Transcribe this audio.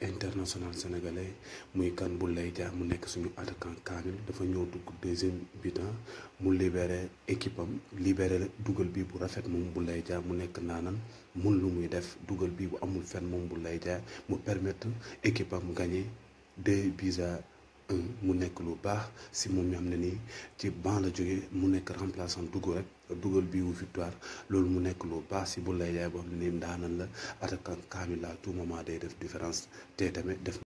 international sénégalais muy kan bu lay jaar mu nekk suñu attaquant kamil dafa ñëw dugg deuxième mi mu libérer équipe am libérer dugal bi bu rafet moom bu lay jaar mu nekk naanan mun lu muy def dugal bi bu amul fenn moom bu lay jaar mu permettre équipe am gagner deux buts mu nekk lu baax si moom mi am na nii ci banc la jógee mu nekk remplaçant dugg rek dugal bii wu victoire loolu mu nekk lu baax si bu lay yaay boo xam na nii ndaanan la attaquant kaamil la tout moment de def différence te tamit def